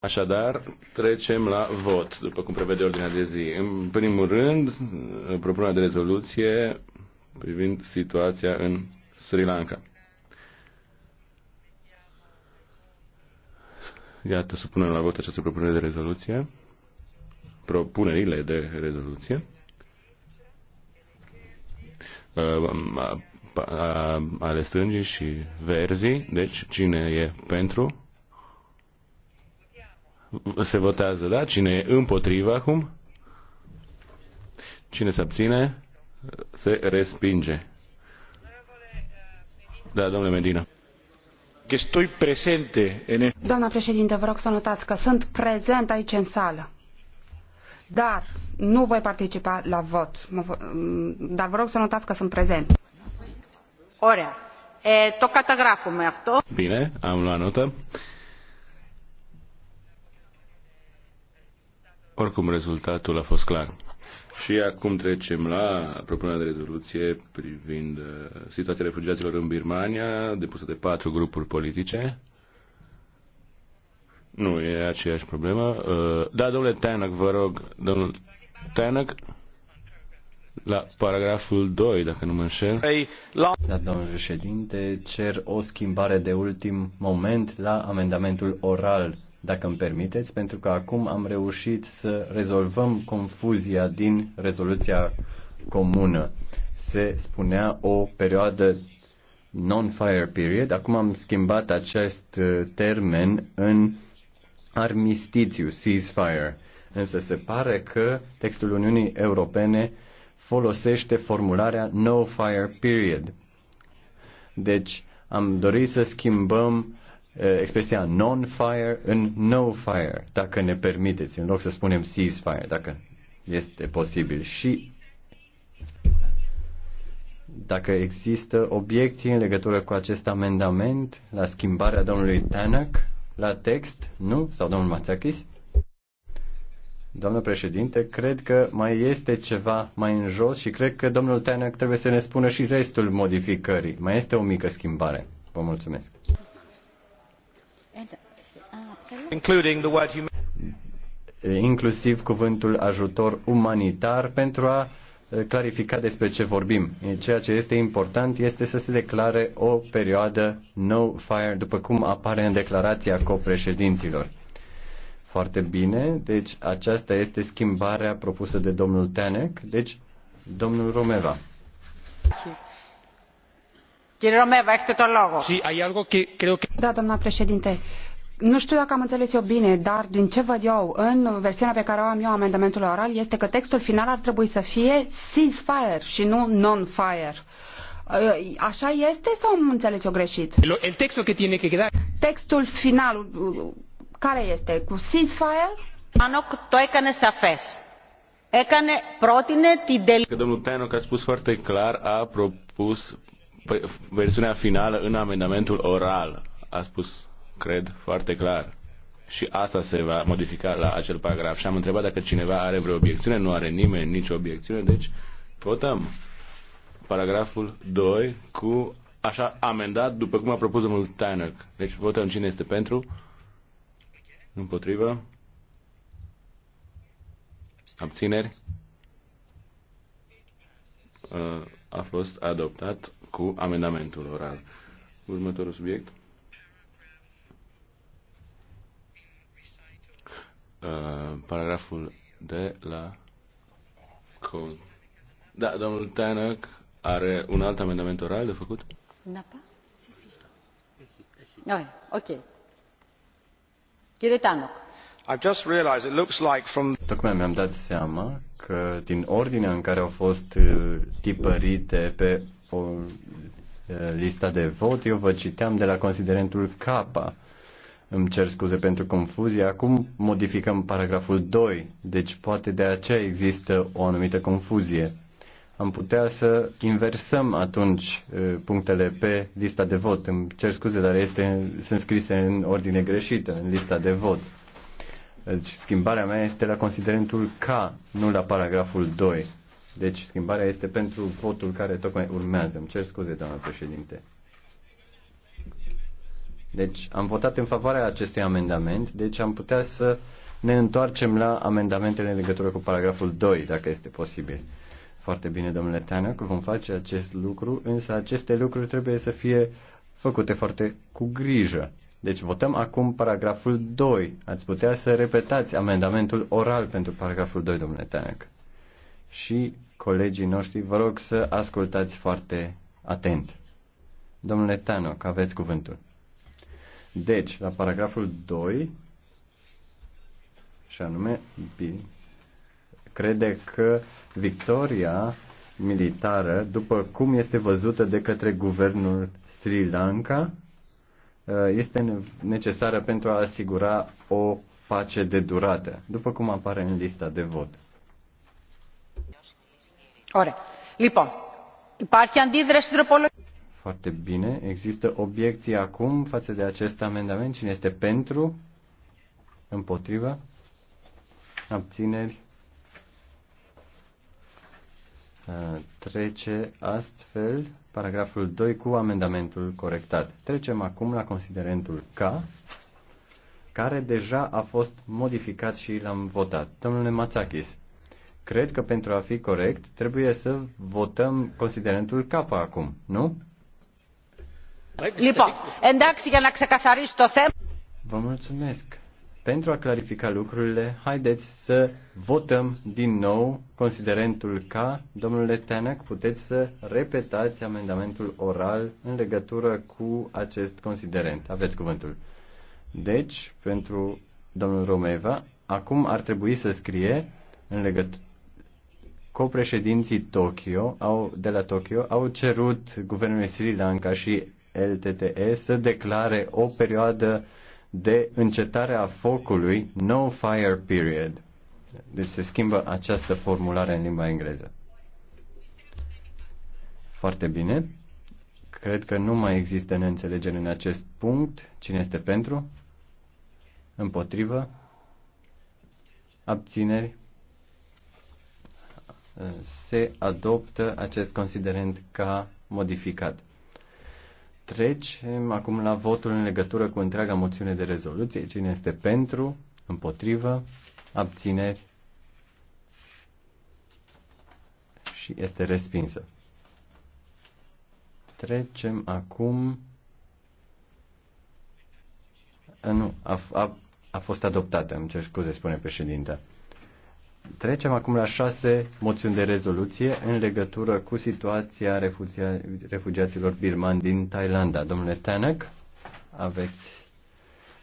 Așadar, trecem la vot, după cum prevede ordinea de zi. În primul rând, propunerea de rezoluție privind situația în Sri Lanka. Iată, supunem la vot această propunere de rezoluție. Propunerile de rezoluție. Uh, ale strângii și verzii. Deci, cine e pentru? Se votează, da? Cine e împotriva acum? Cine se abține? Se respinge. Da, domnule Medina. Doamna președinte, vă rog să notați că sunt prezent aici în sală, dar nu voi participa la vot. Mm, dar vă rog să notați că sunt prezent. Orea, Ε, το καταγράφουμε Bine, am luat notă. Oricum, rezultatul a fost clar. Și acum trecem la propunerea de rezoluție privind uh, situația refugiaților în Birmania, depusă de patru grupuri politice. Nu, e aceeași problemă. Uh, da, domnule Tanak, vă rog, domnul Tanak, la paragraful 2, dacă nu mă înșel. Da, domnul președinte, cer o schimbare de ultim moment la amendamentul oral dacă îmi permiteți, pentru că acum am reușit să rezolvăm confuzia din rezoluția comună. Se spunea o perioadă non-fire period, acum am schimbat acest uh, termen în armistițiu, ceasefire. Însă se pare că textul Uniunii Europene folosește formularea no fire period. Deci am dorit să schimbăm Eh, expresia non-fire în no-fire, dacă ne permiteți, în loc să spunem ceasefire, dacă este posibil. Și dacă există obiecții în legătură cu acest amendament la schimbarea domnului Tanak la text, nu? Sau domnul Mațachis? Domnul președinte, cred că mai este ceva mai în jos și cred că domnul Tanak trebuie să ne spună și restul modificării. Mai este o mică schimbare. Vă mulțumesc inclusiv cuvântul ajutor umanitar pentru a eh, clarifica despre ce vorbim. Ceea ce este important este să se declare o perioadă no fire, după cum apare în declarația copreședinților. Foarte bine, deci aceasta este schimbarea propusă de domnul Tenec, deci domnul Romeva. Da, doamna președinte, nu știu dacă am înțeles eu bine, dar din ce văd eu în versiunea pe care o am eu amendamentul oral este că textul final ar trebui să fie ceasefire și nu non-fire. Ă, așa este sau am înțeles eu greșit? El textul că tiene que quedar. Textul final uh, care este? Cu ceasefire? Anok to έκανε σαφές. Έκανε, πρότεινε την τελική... Domnul Teanoc a spus foarte clar, a propus versiunea finală în amendamentul oral. A spus cred, foarte clar. Și asta se va modifica la acel paragraf. Și am întrebat dacă cineva are vreo obiecțiune. Nu are nimeni nicio obiecțiune, deci votăm paragraful 2 cu așa amendat după cum a propus domnul Tanăc. Deci votăm cine este pentru, împotrivă, abțineri. Uh, a fost adoptat cu amendamentul oral. Următorul subiect. Uh, paragraful de la Com. Da, domnul Tanak are un alt amendament oral de făcut? Da, pa? Si, si. Oh, ok. I've just realized it looks like from... Tocmai mi-am dat seama că din ordinea în care au fost uh, tipărite pe o, uh, lista de vot, eu vă citeam de la considerentul K. Îmi cer scuze pentru confuzie. Acum modificăm paragraful 2, deci poate de aceea există o anumită confuzie. Am putea să inversăm atunci punctele pe lista de vot. Îmi cer scuze, dar este, sunt scrise în ordine greșită, în lista de vot. Deci schimbarea mea este la considerentul K, nu la paragraful 2. Deci schimbarea este pentru votul care tocmai urmează. Îmi cer scuze, doamnă președinte. Deci am votat în favoarea acestui amendament, deci am putea să ne întoarcem la amendamentele în legătură cu paragraful 2, dacă este posibil. Foarte bine, domnule Teanăc, vom face acest lucru, însă aceste lucruri trebuie să fie făcute foarte cu grijă. Deci votăm acum paragraful 2. Ați putea să repetați amendamentul oral pentru paragraful 2, domnule Teanăc. Și colegii noștri, vă rog să ascultați foarte atent. Domnule Tanoc, aveți cuvântul. Deci, la paragraful 2, și anume, crede că victoria militară, după cum este văzută de către guvernul Sri Lanka, eh, este necesară pentru a asigura o pace de durată, după cum apare în lista de vot. Ωραία. Λοιπόν, υπάρχει αντίδραση τροπολογική. Foarte bine. Există obiecții acum față de acest amendament? Cine este pentru? Împotrivă? Abțineri? Uh, trece astfel paragraful 2 cu amendamentul corectat. Trecem acum la considerentul K, care deja a fost modificat și l-am votat. Domnule Mațachis, cred că pentru a fi corect trebuie să votăm considerentul K acum, nu? Vă mulțumesc. Pentru a clarifica lucrurile, haideți să votăm din nou considerentul K. Domnule Tenac, puteți să repetați amendamentul oral în legătură cu acest considerent. Aveți cuvântul. Deci, pentru domnul Romeva, acum ar trebui să scrie în legătură copreședinții Tokyo au, de la Tokyo au cerut guvernului Sri Lanka și LTTE să declare o perioadă de încetare a focului, no fire period. Deci se schimbă această formulare în limba engleză. Foarte bine. Cred că nu mai există neînțelegeri în acest punct. Cine este pentru? Împotrivă? Abțineri? Se adoptă acest considerent ca modificat. Trecem acum la votul în legătură cu întreaga moțiune de rezoluție. Cine este pentru, împotrivă, abțineri și este respinsă. Trecem acum. A, nu, a, a, a fost adoptată, îmi cer scuze, spune președinte. Trecem acum la șase moțiuni de rezoluție în legătură cu situația refugia, refugiaților birmani din Thailanda. Domnule Tanek, aveți.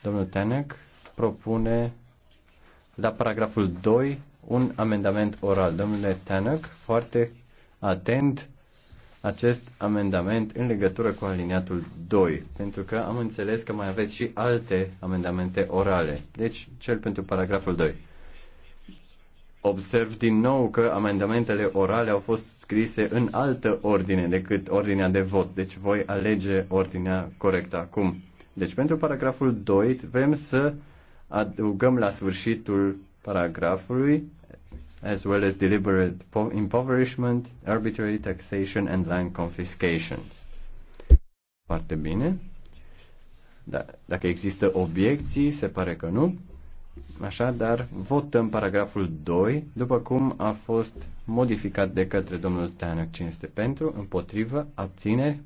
Domnul Tanek propune la paragraful 2 un amendament oral. Domnule Tanek, foarte atent acest amendament în legătură cu aliniatul 2, pentru că am înțeles că mai aveți și alte amendamente orale. Deci, cel pentru paragraful 2 observ din nou că amendamentele orale au fost scrise în altă ordine decât ordinea de vot, deci voi alege ordinea corectă acum. Deci pentru paragraful 2 vrem să adăugăm la sfârșitul paragrafului as well as deliberate impoverishment, arbitrary taxation and land confiscations. Foarte bine. Da, dacă există obiecții, se pare că nu. Așa, dar votăm paragraful 2, după cum a fost modificat de către domnul Teanăc. Cine este pentru, împotrivă, abțineri,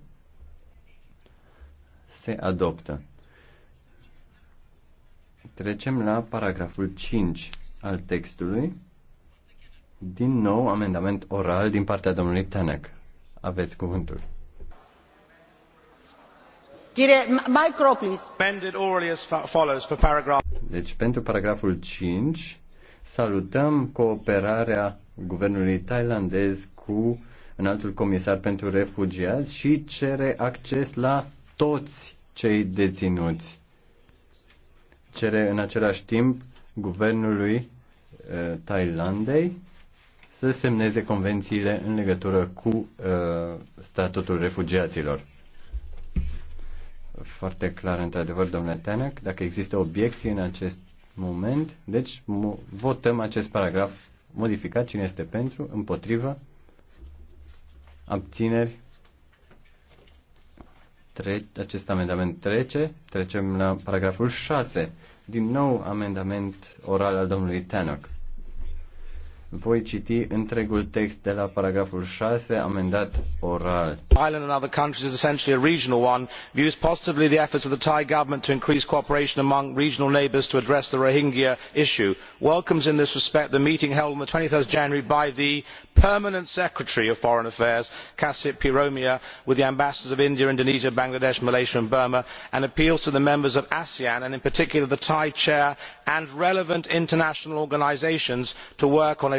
se adoptă. Trecem la paragraful 5 al textului. Din nou, amendament oral din partea domnului Teanăc. Aveți cuvântul. Deci, pentru paragraful 5, salutăm cooperarea guvernului thailandez cu înaltul comisar pentru refugiați și cere acces la toți cei deținuți. Cere în același timp guvernului eh, Thailandei să semneze convențiile în legătură cu uh, statutul refugiaților foarte clar, într-adevăr, domnule Teanec, dacă există obiecții în acest moment, deci votăm acest paragraf modificat, cine este pentru, împotrivă, abțineri, tre- acest amendament trece, trecem la paragraful 6, din nou amendament oral al domnului Tanok. Voi citi întregul text de la paragraful 6, amendat oral. Ireland and other countries is essentially a regional one, views positively the efforts of the Thai government to increase cooperation among regional neighbours to address the Rohingya issue. Welcomes in this respect the meeting held on the 23rd January by the Permanent Secretary of Foreign Affairs, Kasip Piromia, with the ambassadors of India, Indonesia, Bangladesh, Malaysia and Burma, and appeals to the members of ASEAN and in particular the Thai chair and relevant international organisations to work on a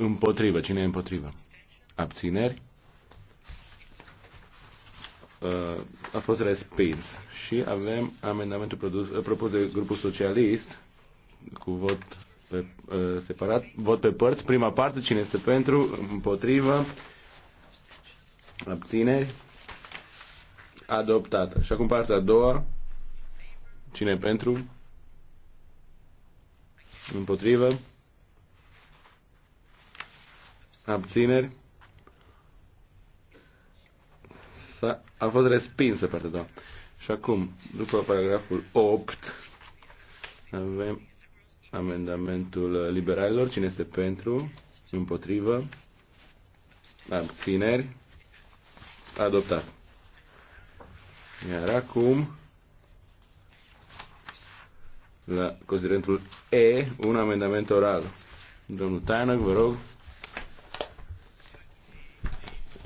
Împotrivă. Cine e împotrivă? Abțineri? Uh, a fost respins. Și avem amendamentul produs, uh, propus de grupul socialist cu vot pe, uh, separat, vot pe părți. Prima parte, cine este pentru, împotrivă, abțineri, adoptată. Și acum partea a doua, cine pentru, împotrivă, abțineri, a a fost respinsă partea da. doua. Și acum, după paragraful 8, avem amendamentul liberalilor. Cine este pentru? Împotrivă? Abțineri? Adoptat. Iar acum, la considerentul E, un amendament oral. Domnul Tainăc, vă rog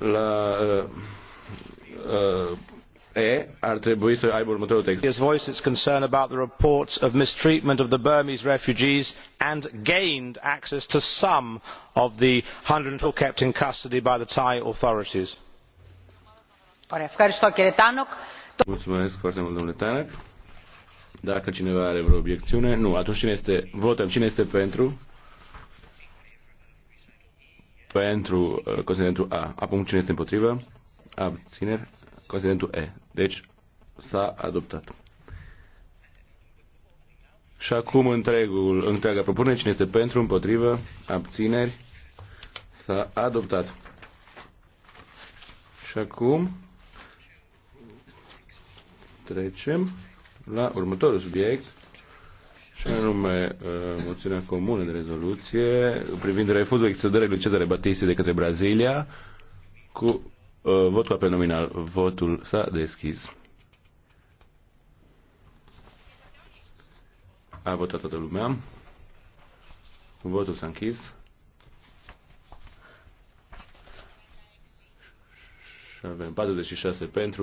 la uh, uh, E ar trebui să aibă următorul text. His voice is concerned about the reports of mistreatment of the Burmese refugees and gained access to some of the 100 kept in custody by the Thai authorities. Mulțumesc foarte mult, domnule Tanak. Dacă cineva are vreo obiecțiune, nu, atunci cine este, votăm cine este pentru pentru uh, considerentul A. Acum cine este împotrivă? Abțineri. Considerentul E. Deci s-a adoptat. Și acum întregul, întreaga propunere, cine este pentru, împotrivă, abțineri, s-a adoptat. Și acum trecem la următorul subiect, și anume uh, moțiunea comună de rezoluție privind refuzul extrădării lui Cezare Batisti de către Brazilia cu uh, vot cu apel nominal. Votul s-a deschis. A votat toată lumea. Votul s-a închis. Și avem 46 pentru,